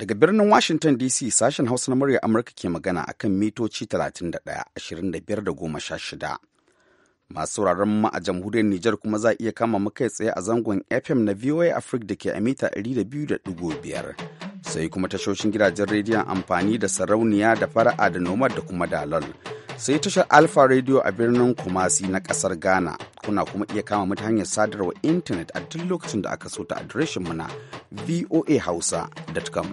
Daga birnin Washington DC sashen Hausa na murya Amurka ke magana a kan mitoci 31-25-16. Masu sauraron mu a jamhuriyar Nijar kuma za iya kama makai tsaye a zangon FM na VOA Africa da ke a mita 200.5. Sai kuma tashoshin gidajen rediyon amfani da sarauniya da fara'a da nomad da kuma dalol. sai tashar alfa radio a birnin kumasi na kasar ghana kuna kuma iya kama mu hanyar sadarwa intanet a duk lokacin da aka so ta adireshin mu na voahausa.com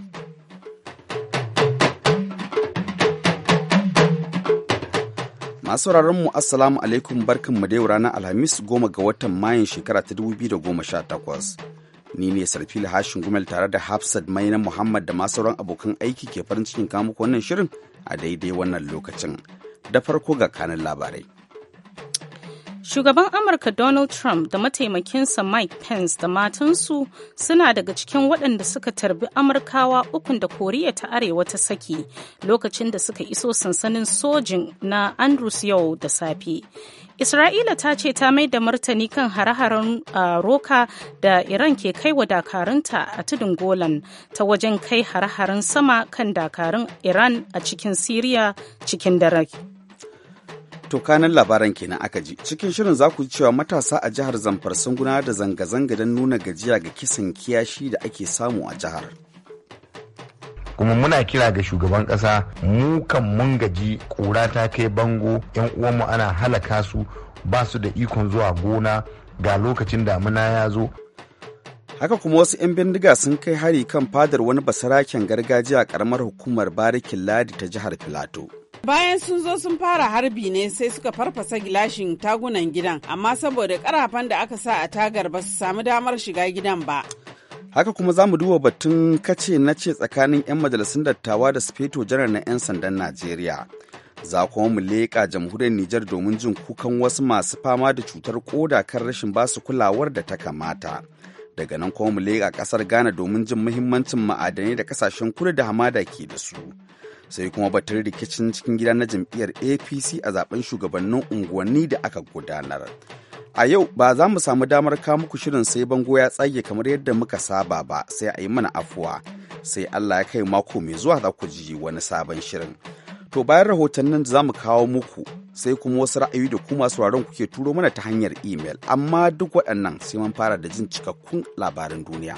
masu mu assalamu alaikum barkan mu dai ranar alhamis goma ga watan mayun shekara ta 2018 ni ne sarfil hashin gumel tare da hafsat maina muhammad da masu sauran abokan aiki ke farin cikin kamuku wannan shirin a daidai wannan lokacin da farko ga kanin labarai. Shugaban Amurka Donald Trump da mataimakinsa Mike Pence da matansu suna daga cikin waɗanda suka tarbi Amurkawa ukun da Koriya ta Arewa ta saki lokacin da suka iso sansanin sojin na Andrews yau da safe. Isra'ila ta ce ta mai da martani kan hare-haren roka da Iran ke kai wa dakarunta a tudun Golan ta wajen kai hare-haren sama kan dakarun Iran a cikin Siriya cikin dare. To kanan labaran kenan aka ji. Cikin shirin za ku ji cewa matasa a jihar Zamfara sun gudanar da zanga-zanga don nuna gajiya ga kisan kiyashi da ake samu a jihar. kuma muna kira ga shugaban ƙasa mu kan mun gaji kura ta kai bango yan uwanmu ana halaka su ba su da ikon zuwa gona ga lokacin damuna ya zo haka kuma wasu 'yan bindiga sun kai hari kan fadar wani basaraken gargajiya a karamar hukumar barikin ladi ta jihar filato Bayan sun zo sun fara harbi ne sai suka farfasa gilashin tagunan gidan, amma saboda karafan da aka sa a tagar ba su samu damar shiga gidan ba. Haka kuma za mu duba batun kace na ce tsakanin 'yan majalisun dattawa da sufeto janar na 'yan sandan Najeriya. Za kuma mu leƙa jamhuriyar Nijar domin jin kukan wasu masu fama da cutar koda kan rashin basu kulawar da ta kamata. daga nan kuma mu leƙa ƙasar ghana domin jin muhimmancin ma'adanai da ƙasashen kudu da hamada ke da su sai kuma batun rikicin cikin gida na jam'iyyar apc a zaben shugabannin unguwanni da aka gudanar a yau ba za mu samu damar kawo muku shirin sai bango ya tsage kamar yadda muka saba ba sai a yi mana afuwa sai allah ya kai mako mai zuwa za ku ji wani sabon shirin to bayan rahotannin da za mu kawo muku sai kuma wasu ra'ayi da kuma sauraron kuke turo mana ta hanyar imel amma duk waɗannan sai mun fara da jin cikakkun labarin duniya.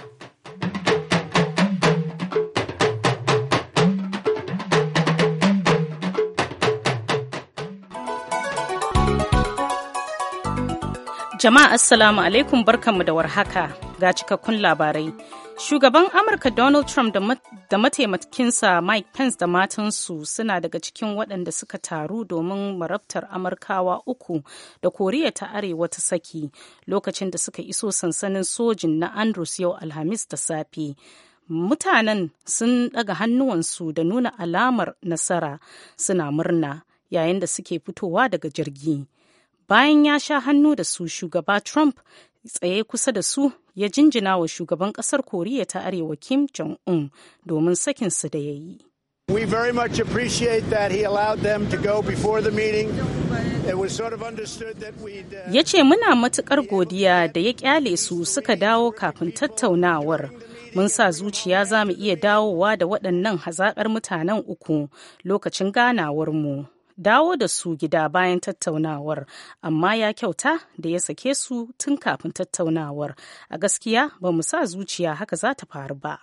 Jama'a Assalamu alaikum barkanmu da warhaka ga cikakkun labarai. Shugaban Amurka Donald Trump da mataimakinsa Mike Pence da matansu suna daga cikin waɗanda suka taru domin marabtar Amurkawa uku da Koriya ta Arewa ta saki lokacin da suka iso sansanin sojin na Andrews yau Alhamis da safe. Mutanen sun ɗaga hannuwansu da nuna alamar nasara suna murna yayin da suke fitowa daga jirgi. bayan ya sha hannu da su shugaba trump tsaye kusa da su ya jinjina wa shugaban kasar koriya ta arewa kim jong-un domin sakinsu da ya yi We very much appreciate that he allowed them to go before the meeting. It was sort of understood that we'd. Uh, ya ce muna matukar godiya da ya kyale su suka dawo kafin tattaunawar. Mun sa zuciya za mu iya dawowa da waɗannan hazaƙar mutanen uku lokacin ganawar mu. dawo da su gida bayan tattaunawar amma ya kyauta da ya sake su tun kafin tattaunawar a gaskiya ba mu sa zuciya haka za ta faru ba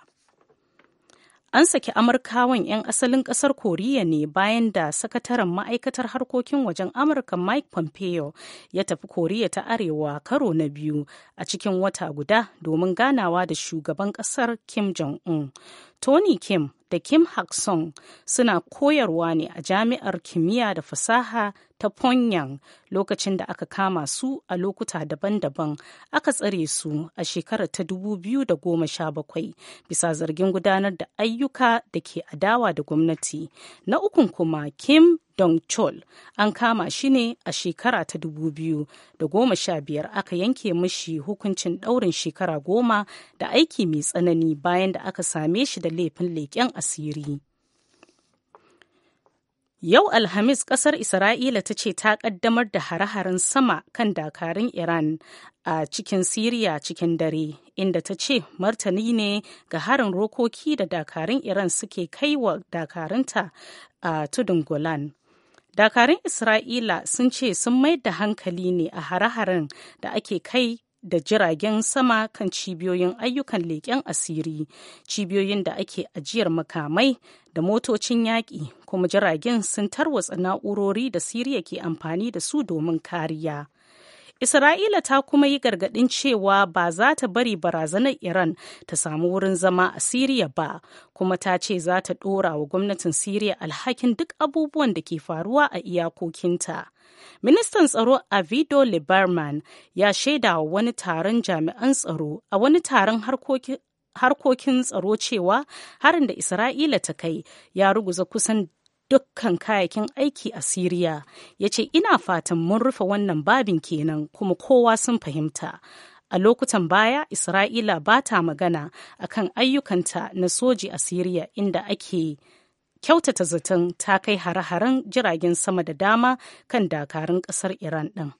an saki amurkawan 'yan asalin kasar koriya ne bayan da sakataren ma'aikatar harkokin wajen amurka mike pompeo ya tafi koriya ta arewa karo na biyu a cikin wata guda domin ganawa da shugaban kasar kim jong-un Tony Kim da Kim Hak Song suna koyarwa ne a Jami'ar Kimiyya da Fasaha ta Pyongyang lokacin da aka kama su a lokuta daban-daban aka tsare su a shekarar ta 2017 bisa zargin gudanar da ayyuka da ke adawa da gwamnati. Na ukun kuma Kim Dong Chol an kama shi ne a shekara ta da goma sha biyar aka yanke mashi hukuncin ɗaurin shekara goma da aiki mai tsanani bayan da aka same shi da laifin leƙen asiri. Yau Alhamis ƙasar Isra'ila ta ce ta ƙaddamar da hare-haren sama kan dakarun Iran a cikin Siriya cikin dare, inda ta ce martani ne ga harin rokoki da dakarun Iran suke kai wa dakarunta a tudun Golan. dakarun isra'ila sun ce sun mai da hankali ne a hare-haren da ake kai da jiragen sama kan cibiyoyin ayyukan leƙen asiri cibiyoyin da ake ajiyar makamai da motocin yaƙi kuma jiragen sun tarwatsa na'urori da siriya ke amfani da su domin kariya Isra'ila ta kuma yi gargaɗin cewa ba za ta bari barazanar Iran ta samu wurin zama a Siriya ba, kuma ta ce za ta ɗora wa gwamnatin Siriya alhakin duk abubuwan da ke faruwa a iyakokinta. Ministan tsaro Avido Liberman ya shaida wa wani taron jami'an tsaro a wani taron harkokin tsaro cewa harin da isra'ila ta kai ya ruguza kusan dukkan kayakin aiki a Siriya, ya ce ina fatan mun rufe wannan babin kenan kuma kowa sun fahimta. A lokutan baya, Isra'ila ba ta magana akan ayyukanta na soji a Siriya inda ake kyautata zaton ta kai hare-haren jiragen sama da dama kan dakarun ƙasar Iran ɗin.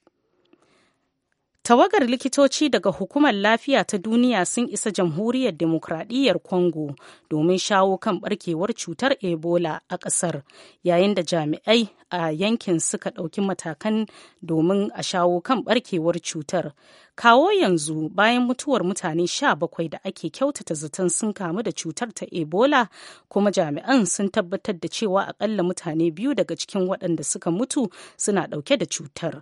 Tawagar likitoci daga Hukumar Lafiya ta Duniya sun isa Jamhuriyar Demokradiyyar Congo domin shawo kan barkewar cutar Ebola a ƙasar, yayin da jami'ai a yankin suka ɗauki matakan domin a shawo kan barkewar cutar. Kawo yanzu bayan mutuwar mutane sha bakwai da ake kyautata zaton sun kamu da cutar ta Ebola, kuma jami'an sun tabbatar da cewa akalla mutane biyu daga cikin waɗanda suka mutu suna ɗauke da cutar.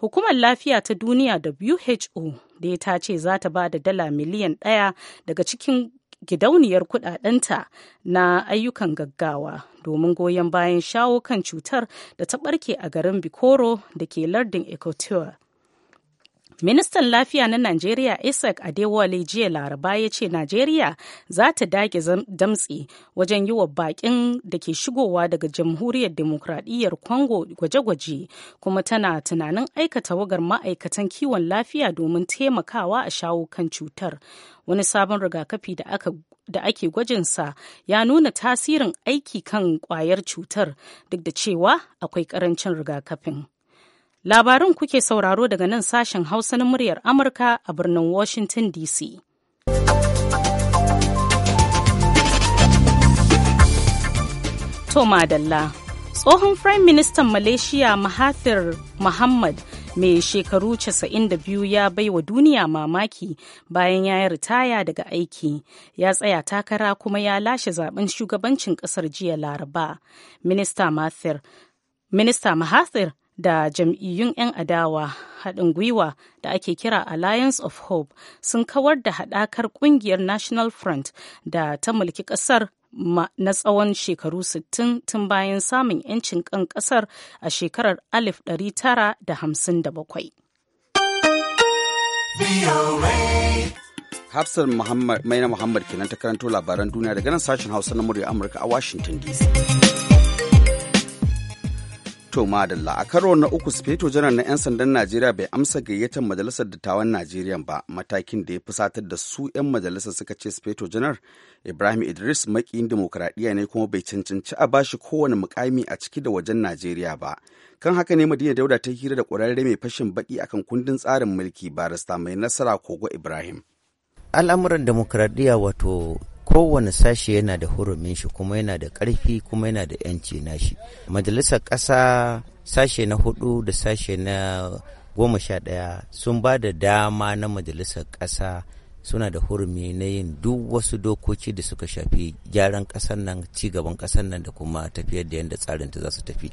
Hukumar Lafiya ta Duniya WHO da ta ce za ta ba da dala miliyan ɗaya daga cikin gidauniyar kudadenta na ayyukan gaggawa domin goyon bayan shawo kan cutar da ta barke a garin bikoro da ke lardin equateur Ministan Lafiya na Najeriya Isaac Adewale jiya Laraba ya ce Najeriya za ta dage damtsi wajen yi wa bakin da ke shigowa daga Jamhuriyar Demokradiyyar Congo gwaje-gwaje kuma tana tunanin aikata wagar ma'aikatan kiwon lafiya domin taimakawa a shawo kan cutar. Wani sabon rigakafi da aka da ake gwajinsa ya nuna tasirin aiki kan kwayar cutar duk da cewa akwai karancin rigakafin. Labarin kuke sauraro daga nan sashen Hausa na muryar Amurka a birnin Washington DC. To Madalla, tsohon Prime Minister Malaysia Mahathir Muhammad mai shekaru 92 ya bai wa duniya mamaki bayan ya yi ritaya daga aiki ya tsaya takara kuma ya lashe zaben shugabancin kasar jiya laraba minista mahathir da jam'iyyun 'yan adawa haɗin gwiwa da ake kira alliance of hope sun kawar da haɗakar ƙungiyar national front da ta mulki ƙasar na tsawon shekaru 60 tun bayan samun 'yancin kan ƙasar a shekarar 1957. Hafsar Maina Muhammad kenan ta karanto labaran duniya daga nan sashen Hausa na murya Amurka a Washington DC. To madalla a karo na uku sufeto janar na 'yan sandan Najeriya bai amsa gayyatar majalisar dattawan Najeriya ba matakin da ya fusatar da su 'yan majalisar suka ce sufeto janar Ibrahim Idris makiyin demokuraɗiyya ne kuma bai cancanci a bashi kowane mukami a ciki da wajen Najeriya ba. Kan haka ne Madina Dauda ta hira da ƙwararre mai fashin baki akan kundin tsarin mulki barista mai nasara Kogo Ibrahim. Al'amuran demokuraɗiyya wato kowane sashe yana da hurumin shi kuma yana da ƙarfi kuma yana da 'yanci nashi majalisar ƙasa sashe na hudu da sashe na goma sha ɗaya sun ba da dama na majalisar ƙasa suna da hurumi na yin duk wasu dokoki da suka shafi gyaran ƙasar nan ci gaban ƙasar nan da kuma tafiyar da yadda tsarin za su tafi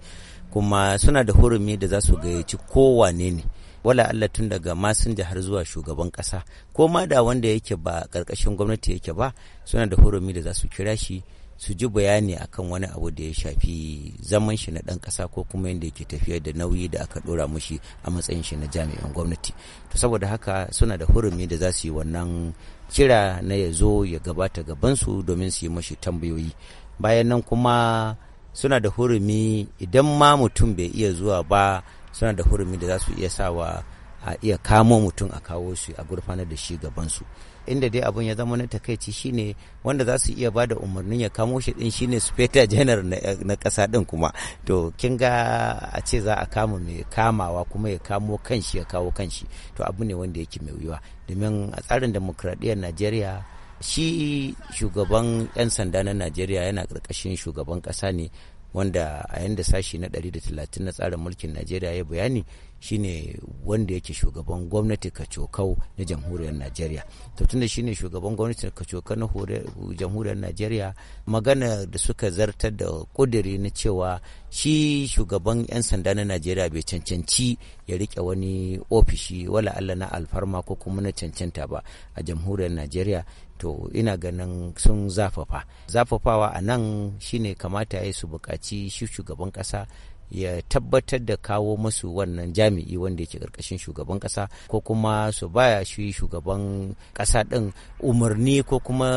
kuma suna da hurumi da za su gayyaci kowane ne wala Allah tun daga masinja har zuwa shugaban kasa ko ma da wanda yake ba karkashin gwamnati yake ba suna da hurumi da za su kira shi su ji bayani akan wani abu da ya shafi zaman shi na ɗan ƙasa ko kuma yadda yake tafiyar da nauyi da aka ɗora mushi a matsayin shi na jami'an gwamnati to saboda haka suna da hurumi da za su yi wannan kira na ya zo ya gabata gabansu domin su yi mashi tambayoyi bayan nan kuma suna da hurumi idan ma mutum bai iya zuwa ba suna da hurumi da za su iya sawa a iya kamo mutum a kawo su a gurfanar da shi gabansu inda dai abun ya zama na takaici shine wanda za su iya bada umarnin ya kamo shi din shine speta janar na kasa din kuma to kin ga a ce za a kama mai kamawa kuma ya kamo kanshi ya kawo kanshi to abu ne wanda yake mai wuyuwa domin a tsarin demokradiyyar najeriya shi shugaban 'yan sanda na najeriya yana karkashin shugaban kasa ne wanda a yanda sashi na 130 na tsarin mulkin najeriya ya bayani shine wanda yake shugaban gwamnati kacokau na jamhuriyar najeriya to tunda shine shugaban gwamnati kacokau na jamhuriyar najeriya magana da suka zartar da kuduri na cewa shi shugaban 'yan sanda na najeriya bai cancanci ya rike wani ofishi wala allah na alfarma ko kuma na cancanta ba a jamhuriyar najeriya to ina ganin sun zafafa zafafawa a nan shine kamata ya su bukaci shi shugaban kasa. ya tabbatar da kawo masu wannan jami'i wanda yake karkashin shugaban kasa ko kuma su baya shi shugaban kasa din umarni ko kuma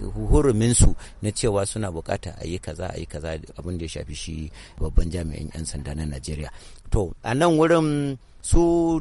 eh, hurumin su na cewa suna bukata a yi kaza a yi kaza abin da ya shafi shi babban jami'in 'yan sanda na najeriya to a nan wurin su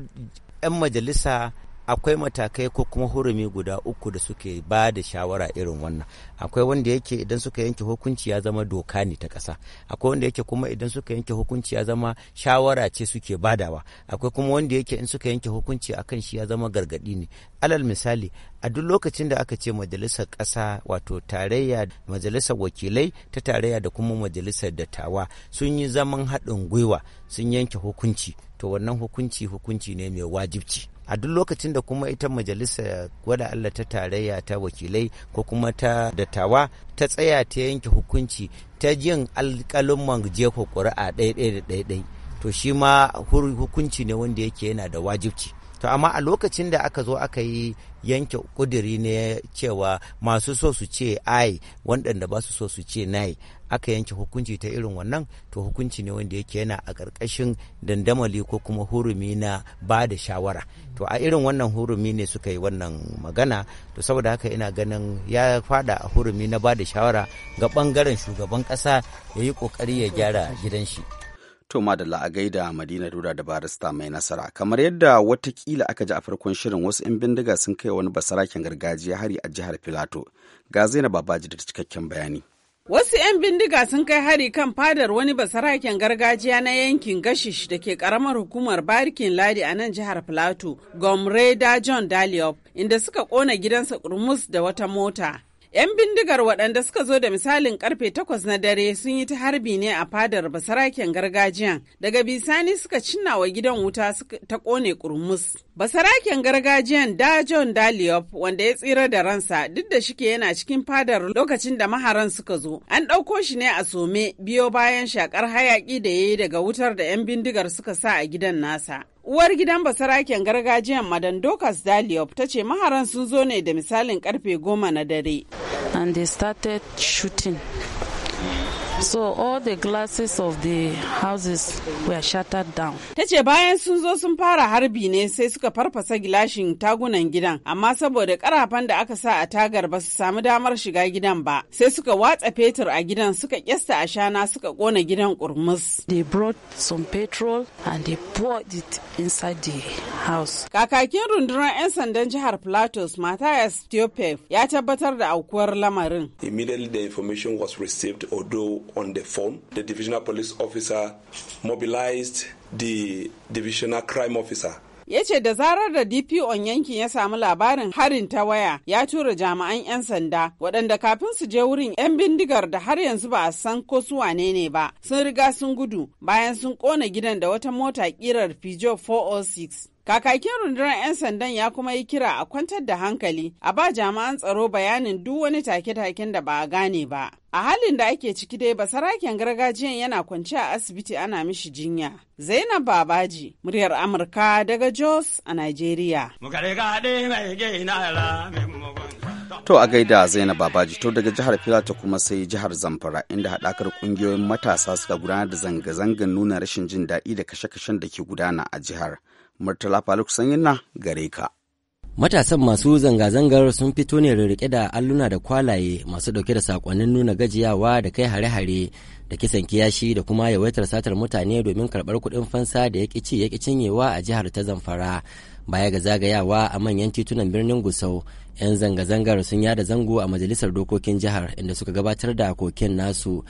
'yan majalisa akwai matakai ko kuma hurumi guda uku da suke ba da shawara irin wannan akwai wanda yake idan suka yanke hukunci ya zama doka ne ta ƙasa akwai wanda yake kuma idan suka yanke hukunci ya zama shawara ce suke badawa akwai kuma wanda yake in suka yanke hukunci akan shi ya zama gargadi ne alal misali a duk lokacin da aka ce majalisar ƙasa wato tarayya majalisar wakilai ta tarayya da kuma majalisar dattawa sun yi zaman haɗin gwiwa sun yanke hukunci to wannan hukunci hukunci ne mai wajibci a duk lokacin da kuma ita majalisa gwada Allah ta tarayya ta wakilai ko kuma ta dattawa ta tsaya ta yanke hukunci ta jin alƙalin jefa ƙuri'a ɗaiɗai da ɗaiɗai to shi ma hukunci ne wanda yake yana da wajibci to amma a lokacin da aka zo aka yi yanke kuduri ne cewa masu so su ce ai waɗanda ba su so su ce nai aka yanke hukunci ta irin wannan to hukunci ne wanda yake yana a ƙarƙashin dandamali ko kuma hurumi na ba da shawara to a irin wannan hurumi ne suka yi wannan magana to saboda haka ina ganin ya fada a hurumi na ba da shawara ga ɓangaren shugaban ƙasa ya yi ƙoƙari ya gyara gidan shi to madalla a gaida madina dura da barista mai nasara kamar yadda watakila aka ji a farkon shirin wasu 'yan bindiga sun kai wani basaraken gargajiya hari a jihar filato ga zainab babaji da cikakken bayani Wasu 'yan bindiga sun kai hari kan fadar wani basaraken gargajiya na yankin Gashish da ke karamar hukumar Barikin Ladi a nan jihar Filato, Gomreda John Daliop, inda suka kona gidansa kurmus da wata mota. 'Yan bindigar waɗanda suka zo da misalin karfe takwas na dare sun yi ta harbi ne a fadar basaraken gargajiyan. Daga bisani suka cinna wa gidan wuta ta kone ƙurmus. Basaraken gargajiyan da John Daliop wanda ya tsira da ransa duk da shike yana cikin fadar lokacin da maharan suka zo. An ɗauko shi ne a some biyo bayan shakar hayaƙi da ya yi daga wutar da 'yan bindigar suka sa a gidan nasa. Uwar gidan basaraken gargajiyan Madan Dokas Daliop ta ce maharan sun zo ne da misalin karfe goma na dare. And they started shooting. So all the glasses of the houses were shattered down. Ta ce bayan sun zo sun fara harbi ne sai suka farfasa gilashin tagunan gidan, amma saboda karafan da aka sa a tagar ba su samu damar shiga gidan ba, sai suka watsa fetur a gidan suka kyasta shana suka kona gidan kurmus. They brought some petrol and they poured it inside the house. Kakakin rundunar 'yan sandan jihar Plateau, Matthias Teopev, ya tabbatar da aukuwar lamarin. Immediately the information was received although on the phone. The divisional police officer mobilized the divisional crime officer ya ce da zarar da dpon yankin ya samu labarin harin ta waya ya tura jami'an 'yan sanda waɗanda kafin su je wurin 'yan bindigar da har yanzu ba a san ko su wane ne ba sun riga sun gudu bayan sun ƙona gidan da wata mota kirar peugeot 406 Kakakin rundunar 'yan sandan ya kuma yi kira a kwantar da hankali a ba jami'an tsaro bayanin duk wani take-taken da ba a gane ba. A halin da ake ciki dai ba, basaraken gargajiyan yana kwance a asibiti ana mishi jinya. Zainab Babaji, muryar Amurka daga Jos a Najeriya. To a gaida Zainab Babaji to daga jihar Filata kuma sai jihar Zamfara inda haɗakar ƙungiyoyin matasa suka gudanar da zanga zangan nuna rashin jin daɗi da kashe-kashen da ke gudana a jihar. Murtala Faruk Sanyinna gare ka. Matasan masu zanga-zangar sun fito ne rirriƙe da alluna da kwalaye masu ɗauke da saƙonnin nuna gajiyawa da kai hare-hare da kisan kiyashi da kuma yawaitar satar mutane domin karɓar kuɗin fansa da ya ƙici ya cinyewa a jihar ta Zamfara. Baya ga zagayawa a manyan titunan birnin Gusau, 'yan zanga-zangar sun yada zango a majalisar dokokin jihar inda suka gabatar da kokin nasu.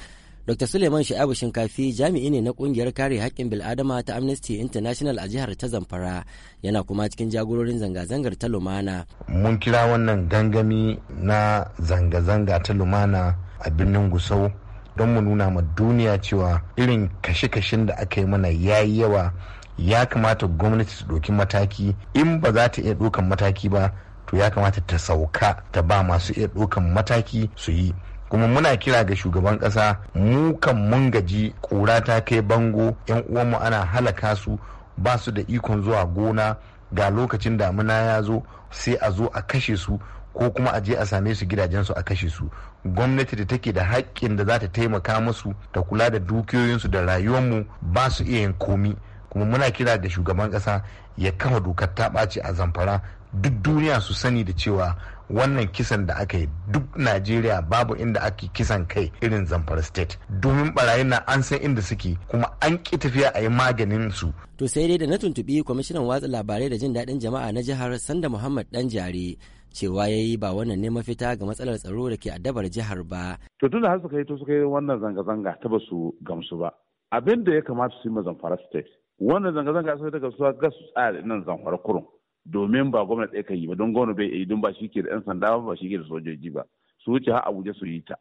Dr. Suleiman Sha'abu Shinkafi jami'i ne na kungiyar kare haƙƙin bil'adama ta Amnesty International a jihar ta Zamfara yana kuma cikin jagororin zanga-zangar ta Lumana. Mun kira wannan gangami na zanga-zanga ta Lumana a birnin Gusau don mu nuna ma duniya cewa irin kashe-kashen da aka yi mana ya yi yawa ya kamata gwamnati su ɗauki mataki in ba za ta iya ɗaukan mataki ba to ya kamata ta sauka ta ba masu iya ɗaukan mataki su yi kuma muna kira ga shugaban kasa mu kan mun gaji kura ta kai bango yan uwanmu ana halaka su ba su da ikon zuwa gona ga lokacin damuna ya zo sai a zo a kashe su ko kuma a je a same su gidajensu a kashe su gwamnati da take da haƙƙin da za ta taimaka musu ta kula da dukiyoyinsu da rayuwarmu ba su iya yin komi kuma muna kira da shugaban ƙasa ya kafa dokar ta ɓaci a zamfara duk duniya su sani da cewa wannan kisan da aka yi duk najeriya babu inda ake kisan kai irin zamfara state domin barayin na an san inda suke kuma an ki tafiya a yi maganin su to sai dai da na tuntubi kwamishinan watsa labarai da jin daɗin jama'a na jihar sanda muhammad dan jare cewa ya yi ba wannan ne mafita ga matsalar tsaro da ke addabar jihar ba. To tun da har suka yi to suka yi wannan zanga-zanga ta ba su gamsu ba. Abin ya kamata su yi ma Zamfara State. Wannan zanga-zanga suka yi ta gamsuwa ga su tsari nan Zamfara kurum domin ba gwamnati ɗaya ka yi ba don gwamnati bai yi don ba shi ke da 'yan sanda ba shi ke da sojoji ba su wuce har abuja su yi ta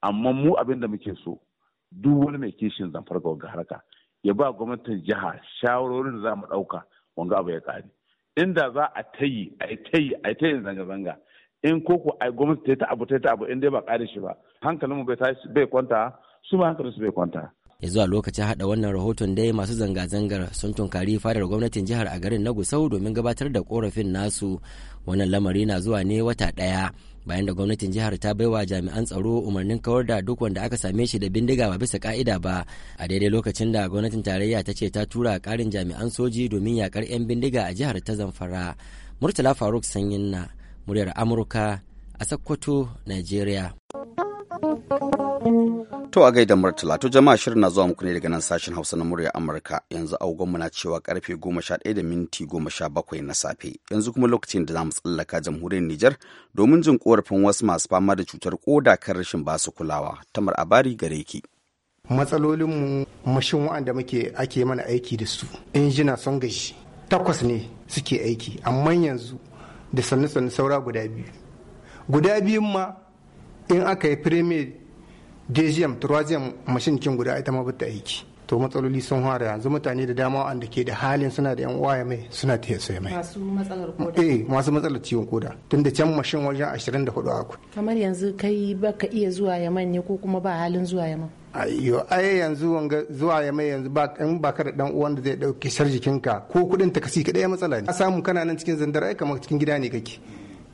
amma mu abin da muke so duk wani mai kishin zamfar ga harka ya ba gwamnatin jiha shawarorin da za mu ɗauka wanga abu ya ƙare inda za a ta yi a ta yi a ta yi zanga-zanga in koko a gwamnati ta yi ta abu ta yi ta abu in dai ba ƙare shi ba hankalin mu bai kwanta su ma hankalin su bai kwanta ya zuwa lokacin haɗa wannan rahoton dai masu zanga-zangar sun tunkari fadar gwamnatin jihar a garin na gusau domin gabatar da korafin nasu wannan lamari na zuwa ne wata ɗaya bayan da gwamnatin jihar ta baiwa jami'an tsaro umarnin kawar da duk wanda aka same shi da bindiga ba bisa ka'ida ba a daidai lokacin da gwamnatin tarayya ta ce ta tura karin jami'an soji domin yakar 'yan bindiga a jihar ta zamfara murtala faruk sanyin na muryar amurka a sakkwato nigeria To a gaida Murtala, to jama'a shirin na zuwa muku ne daga nan sashen Hausa na murya Amurka yanzu agogonmu na cewa karfe 11 da minti 17 na safe. Yanzu kuma lokacin da zamu tsallaka jamhuriyar Nijar domin jin korafin wasu masu fama da cutar koda kan rashin basu kulawa. Tamar Abari gare ki. mu mashin wa'anda muke ake mana aiki da su. Injina sun gashi. Takwas ne suke aiki, amma yanzu da sannu sannu saura guda biyu. Guda biyun ma in aka yi premier dejiyam turaziyam mashin kin guda ita ma bata aiki to matsaloli sun fara yanzu mutane da dama wanda ke da halin suna da yan waya mai suna ta sai mai masu matsalar koda eh masu matsalar ciwon koda tunda can mashin wajen 24 akwai kamar yanzu kai baka iya zuwa yaman ne ko kuma ba halin zuwa yaman ayo ai yanzu wanga zuwa ya mai yanzu ba in ba ka da dan uwan da zai dauke sar jikinka ko kudin takasi ya matsala ne A samu kana nan cikin zandar ai kamar cikin gida ne kake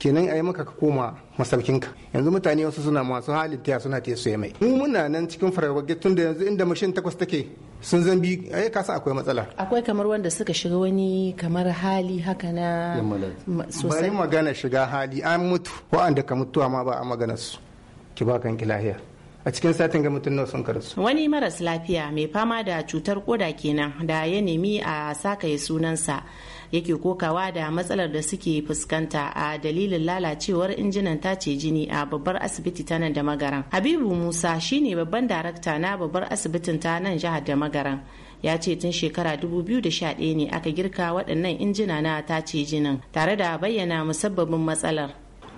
kenan a yi maka ka koma masaukinka yanzu mutane wasu suna masu halin taya suna taya su mai mu muna nan cikin fararwa tun da yanzu inda mashin takwas take sun zan bi ai ka akwai matsala akwai kamar wanda suka shiga wani kamar hali haka na sosai bari magana shiga hali an mutu wa'anda ka mutuwa ma ba a magana su ki ba kan lahiya a cikin satin ga mutum sun karasu. Wani maras lafiya mai fama da cutar koda kenan da ya nemi a sakaye sunansa yake kokawa da matsalar da suke fuskanta a dalilin lalacewar injinan tace jini a babbar asibiti ta nan da magaran habibu musa shine babban darakta na babbar asibitin ta nan jihar da magaran ya ce tun shekara 2011 ne aka girka waɗannan injina na tace jinin tare da bayyana musabbabin matsalar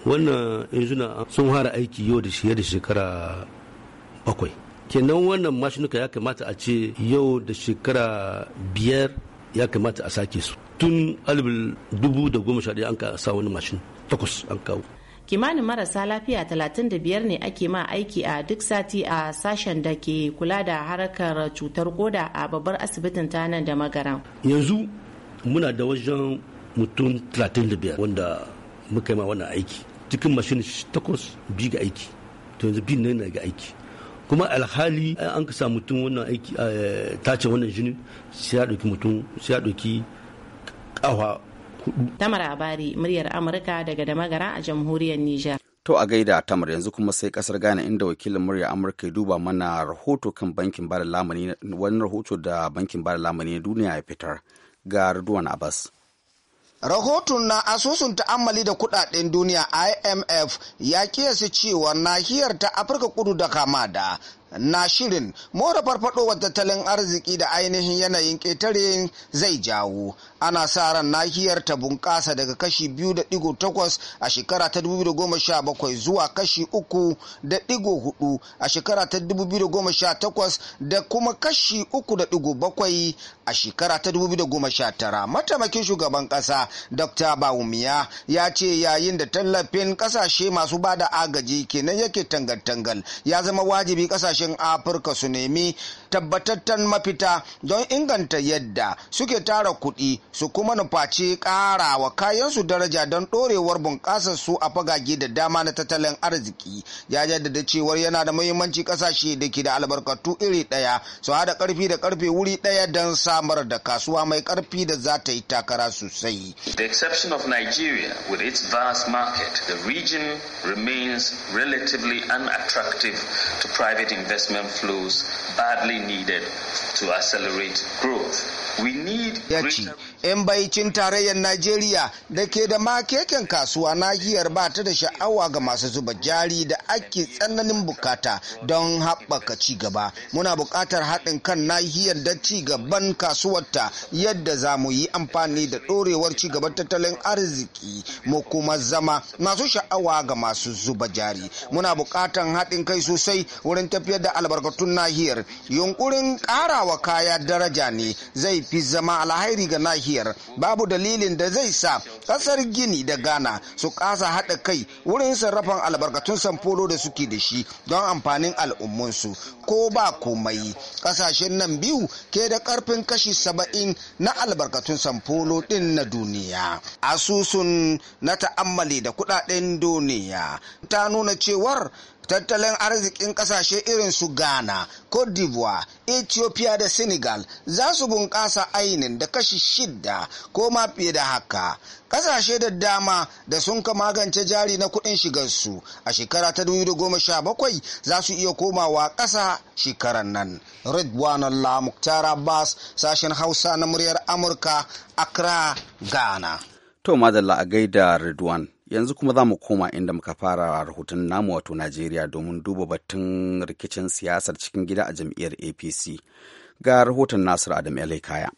wannan injina sun fara aiki yau da shiye da shekara bakwai kenan wannan mashinuka ya kamata a ce yau da shekara biyar ya kamata a sake su tun alibin dubu da goma sha an ka sa wani mashin takwas an kawo kimanin marasa lafiya 35 ne ake ma aiki a duk sati a sashen da ke kula da harkar cutar koda a babbar asibitin ta nan da magaran yanzu muna da wajen mutum 35 wanda muka yi ma wannan aiki cikin mashin takwas bi ga aiki to yanzu bi na ga aiki kuma alhali an ka sa mutum wannan aiki eh, tace wannan jini sai ya ɗauki mutum sai ya ɗauki kawa Tamar Abari, muryar Amurka daga Damagara a jamhuriyar Nijar. To a gaida Tamar yanzu kuma sai kasar Ghana inda wakilin muryar Amurka ya duba mana rahoto kan bankin bada lamani wani rahoto da bankin bada lamani na duniya ya fitar ga Ridwan Abbas. Rahoton na asusun ta'ammali da kudaden duniya IMF ya kiyasi cewa nahiyar ta Afirka kudu da Kamada na shirin more farfadowar tattalin arziki da ainihin yanayin ƙetare zai jawo ana sa ran nahiyar ta bunƙasa daga kashi 2.8 a shekara ta 2017 zuwa kashi 3.4 a shekara ta 2018 da kuma kashi 3.7 a shekara ta 2019 mataimakin shugaban ƙasa dr bawumiya ya ce yayin da tallafin ƙasashe masu bada agaji kenan yake tangal-tangal ya zama wajibi ƙasashen afirka su nemi tabbatattan mafita don inganta yadda suke tara kuɗi su kuma nufaci ƙara wa kayansu daraja don ɗorewar bunƙasar su a fagage da dama na tattalin arziki ya jaddada cewar yana da muhimmanci ƙasashe da ke da albarkatu iri ɗaya su hada karfi da karfe wuri ɗaya don samar da kasuwa mai karfi da za ta yi takara sosai. The exception of Nigeria with its vast market, the region remains relatively unattractive to private investment flows badly needed to accelerate growth. ya ce 'yan baicin tarayyar najeriya da ke da makeken kasuwa nahiyar ba ta da sha'awa ga masu zuba jari da ake tsananin bukata don haɓaka cigaba muna buƙatar haɗin kan nahiyar da cigaban kasuwarta yadda za mu yi amfani da ɗorewar cigaban tattalin arziki mu kuma zama masu sha'awa ga masu zuba jari muna buƙatar haɗin kai sosai wurin tafiyar da albarkatun nahiyar yunkurin ƙarawa kaya daraja ne zai fi zama alhairi ga nahiyar babu dalilin da zai sa kasar gini da ghana su kasa haɗa kai wurin sarrafan albarkatun sanfolo da suke da shi don amfanin al'ummansu, ko ba komai kasashen nan biyu ke da karfin kashi saba'in na albarkatun sanfolo ɗin na duniya asusun na ta'ammali da kudaden duniya ta nuna cewar tattalin arzikin ƙasashe irin su ghana cote d'ivoire ethiopia da senegal za su bunƙasa ainin da kashi shidda ko ma fiye da haka ƙasashe da dama da sun ka magance jari na kuɗin shigarsu a shekara ta 2017 za su iya komawa ƙasa shekaran nan ridwan allah muktar abbas sashen hausa na muryar amurka accra ghana to madalla a gaida ridwan yanzu kuma za mu koma inda muka fara rahoton namu wato najeriya domin duba batun rikicin siyasar cikin gida a jam'iyyar apc ga rahoton nasir adam kaya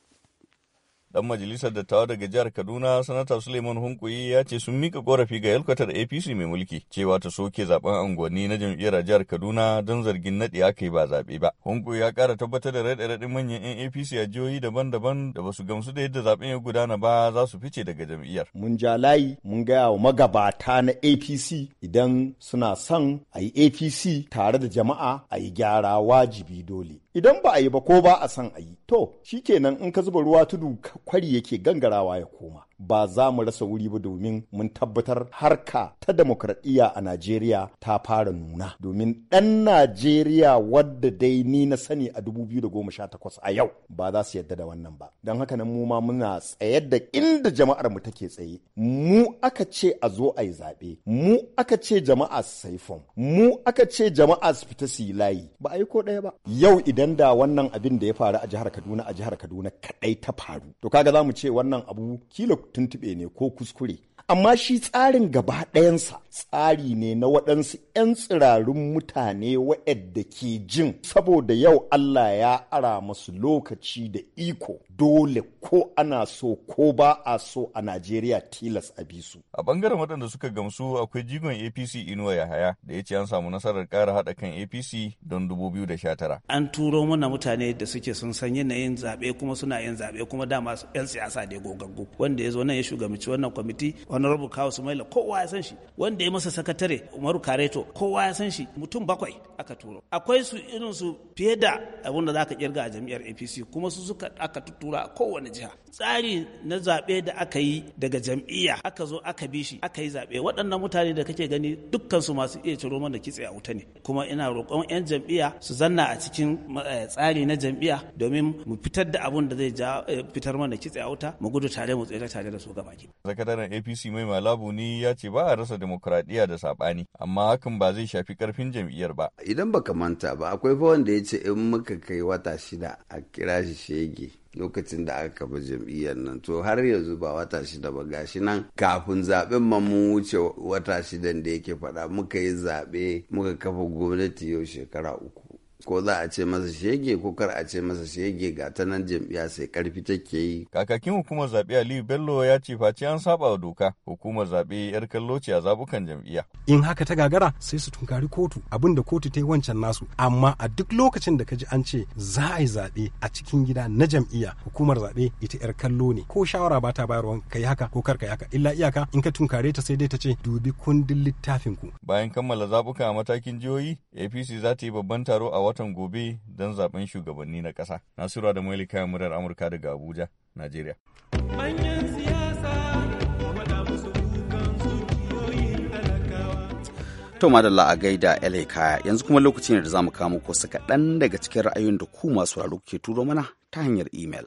dan majalisar dattawa daga jihar Kaduna sanata Suleiman Hunkuyi ya ce sun mika korafi ga yalkwatar APC mai mulki cewa ta soke zaben unguwanni na jam'iyyar jihar Kaduna don zargin nadi aka yi ba zaɓe ba. Hunkuyi ya kara tabbatar da raɗe-raɗin manyan 'yan APC a jihohi daban-daban da basu gamsu da yadda zaben ya gudana ba za su fice daga jam'iyyar. Mun ja layi mun gaya wa magabata na APC idan suna son a yi APC tare da jama'a a yi gyara wajibi dole. idan ba a yi ba ko ba a san a yi to shikenan in ka zuba ruwa tudu kwari yake gangarawa ya koma ba za mu rasa wuri ba domin mun tabbatar harka ta demokradiyya a Najeriya ta fara nuna domin ɗan Najeriya wadda dai ni na sani a 2018 a yau ba za su yadda da wannan ba don haka nan mu ma muna tsaye da inda jama'ar mu take tsaye mu aka ce a zo a yi zaɓe mu aka ce jama'a su sai fom mu aka ce jama'a su fita su yi layi ba a yi ko ɗaya ba yau idan da wannan abin da ya faru a jihar Kaduna a jihar Kaduna kaɗai ta faru to kaga za mu ce wannan abu kila tuntube ne ko kuskure amma shi tsarin gaba ɗayansa tsari ne na waɗansu 'yan tsirarun mutane wa'adda ke jin saboda yau Allah ya ara masu lokaci da iko dole ko ana so ko ba a so a Najeriya tilas a bisu. A bangaren waɗanda suka gamsu akwai jigon APC Inuwa Yahaya da ya ce an samu nasarar ƙara haɗa kan APC don 2019. An turo mana mutane da suke sun san yanayin zaɓe kuma suna yin zaɓe kuma dama 'yan siyasa da ya gogaggu wanda ya zo nan ya shugabanci wannan kwamiti honorable kawo sumaila kowa ya san shi wanda wanda ya masa sakatare umaru kareto kowa ya san shi mutum bakwai aka turo akwai su irin su fiye da abin da ka kirga a jam'iyyar apc kuma su suka aka tura a kowane jiha tsari na zaɓe da aka yi daga jam'iyya aka zo aka bi shi aka yi zaɓe waɗannan mutane da kake gani dukkansu masu iya ciro mana kitse a wuta ne kuma ina roƙon 'yan jam'iyya su zanna a cikin eh, tsari na jam'iyya domin mu fitar da abun da zai ja eh, fitar mana kitse a wuta mu gudu tare mu tsere tare da su gaba ki. sakataren apc mai malabu ni ya ce ba a rasa demokrasi demokuraɗiyya da saɓani amma hakan ba zai shafi ƙarfin jam'iyyar ba. Idan baka manta ba akwai fa wanda ya ce in muka kai wata shida a kira shi shege. lokacin da aka kafa jam'iyyar nan to har yanzu ba wata shida ba gashi nan kafin zaben ma mun wuce wata shidan da yake faɗa muka yi zaɓe muka kafa gwamnati yau shekara uku ko za a ce masa shege ko kar a ce masa shege ga ta nan jam'iyya sai karfi take yi. Kakakin hukumar zaɓe Aliyu Bello ya ce face an saba wa doka hukumar zaɓe yar kallo ce a zabukan jam'iyya. In haka ta gagara sai su tunkari kotu abin kotu ta yi wancan nasu amma a duk lokacin da ka ji an ce za a yi zaɓe a cikin gida na jam'iyya hukumar zaɓe ita yar kallo ne ko shawara ba ta bayarwa ka yi haka ko kar ka yi haka illa iyaka in ka tunkare ta sai dai ta ce dubi kundin littafin ku. Bayan kammala zabuka a matakin jihohi APC za ta yi babban taro a watan gobe don zaben shugabanni na ƙasa. Nasiru da kayan murar Amurka daga Abuja, Najeriya. Manyan siyasa, musu To madalla a gaida LA Kaya yanzu kuma lokaci ne da za mu kama ko su kaɗan daga cikin ra'ayoyin da ku masu raro ke turo mana ta hanyar imel.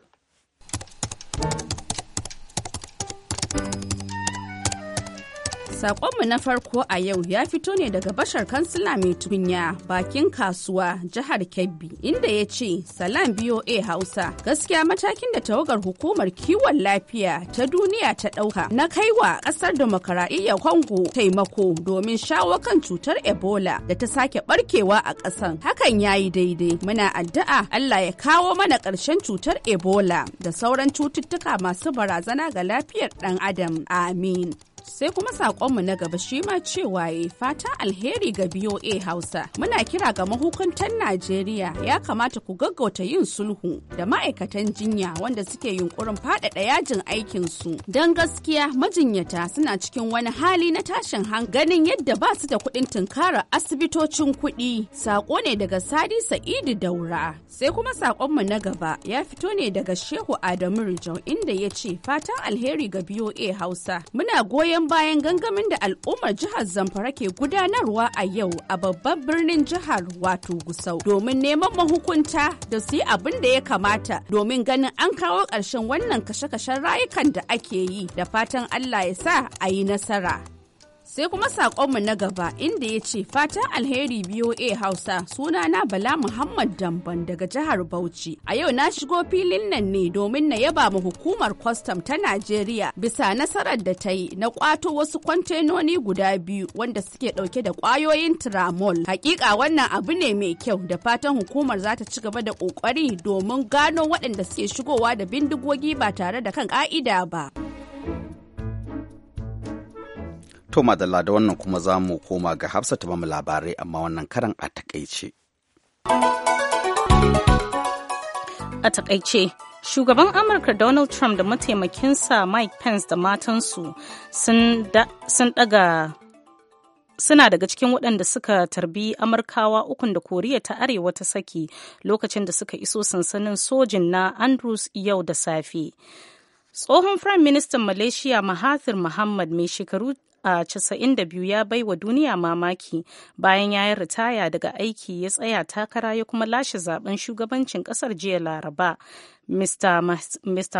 Sakonmu na farko a yau ya fito ne daga bashar kansila mai tukunya bakin kasuwa jihar Kebbi inda ya ce salam BOA Hausa gaskiya matakin da tawagar hukumar kiwon lafiya ta duniya ta ɗauka na kaiwa ƙasar demokaraɗiyya kongo taimako domin shawo kan cutar Ebola da ta sake barkewa a ƙasan hakan ya yi daidai muna addu'a Allah ya kawo mana ƙarshen cutar Ebola da sauran cututtuka masu barazana ga lafiyar ɗan adam amin. sai kuma saƙonmu na gaba shi ma cewa ya fatan alheri ga BOA Hausa. Muna kira ga mahukuntan Najeriya ya kamata ku gaggauta yin sulhu da ma'aikatan jinya wanda suke yunkurin faɗaɗa yajin aikinsu. Don gaskiya majinyata suna cikin wani hali na tashin ganin yadda ba su da kuɗin tunkara asibitocin kuɗi. Saƙo ne daga Sadi Sa'idu Daura. Sai kuma sakonmu na gaba ya fito ne daga Shehu Adamu Rijau inda ya ce fatan alheri ga BOA Hausa. Muna goyon bayan gangamin da al'ummar jihar Zamfara ke gudanarwa a yau a babban birnin jihar wato Gusau domin neman mahukunta da su yi abin da ya kamata domin ganin an kawo ƙarshen wannan kashe-kashen rayukan da ake yi da fatan Allah ya sa a yi nasara. Sai kuma saƙonmu na gaba inda ya ce fatan alheri BOA Hausa suna na Bala Muhammad Damban daga jihar Bauchi. A yau na shigo filin nan ne domin na yaba ma hukumar kwastam ta Najeriya bisa nasarar da ta yi na kwato wasu kwantenoni guda biyu wanda suke ɗauke da ƙwayoyin tramol. Hakika wannan abu ne mai kyau da fatan hukumar za ta ci gaba da ƙoƙari domin gano waɗanda suke shigowa da bindigogi ba tare da kan ƙa'ida ba. To madalla da wannan kuma za mu koma ga Hafsa ta bamu labarai amma wannan karan a takaice. A takaice, shugaban Amurka Donald Trump da mataimakinsa Mike Pence da matansu sun daga suna daga cikin waɗanda suka tarbi amurkawa ukun da koriya ta arewa ta saki lokacin da suka iso sansanin sojin na andrews yau da safe tsohon firayim ministan malaysia mahathir muhammad mai shekaru a 92 ya bai wa duniya mamaki bayan ya yi ritaya daga aiki ya tsaya takara ya kuma lashe zaben shugabancin kasar jiya laraba Mr.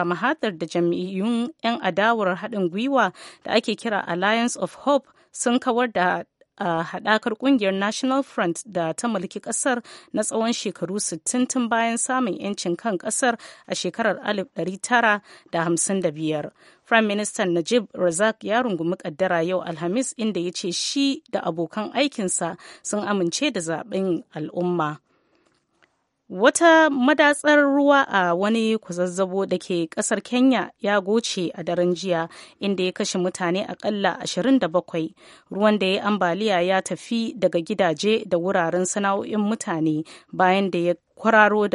Mahathir da jam'iyyun 'yan adawar haɗin gwiwa da ake kira Alliance of Hope sun kawar da a haɗakar ƙungiyar national front da ta mulki kasar na tsawon shekaru 60 tun bayan samun 'yancin kan kasar a shekarar 1955 Prime Minister Najib Razak ya rungumi kaddara yau Alhamis inda ya ce shi da abokan aikinsa sun amince da zaben al'umma. Wata madatsar ruwa a wani kuzazzabo da ke ƙasar Kenya ya goce a daren jiya inda ya kashe mutane akalla 27. Ruwan da ya ambaliya ya tafi daga gidaje da wuraren sana'o'in mutane bayan da ya kwararo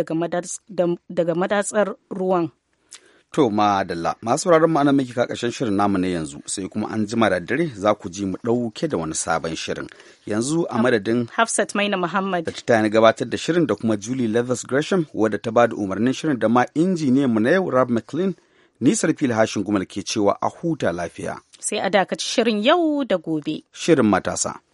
daga madatsar ruwan. To madalla masu sauraron ma'ana miki ka ƙarshen shirin namu na yanzu sai kuma an jima da dare za ku ji mu ɗauke da wani sabon shirin. Yanzu a madadin Hafsat Maina Muhammad da ta gabatar da shirin da kuma Julie Leathers Gresham wadda ta ba da umarnin shirin da ma injiniya mu na yau Rob McLean ni Sarfil Hashin Gumal ke cewa a huta lafiya. Sai a dakaci shirin yau da gobe. Shirin matasa.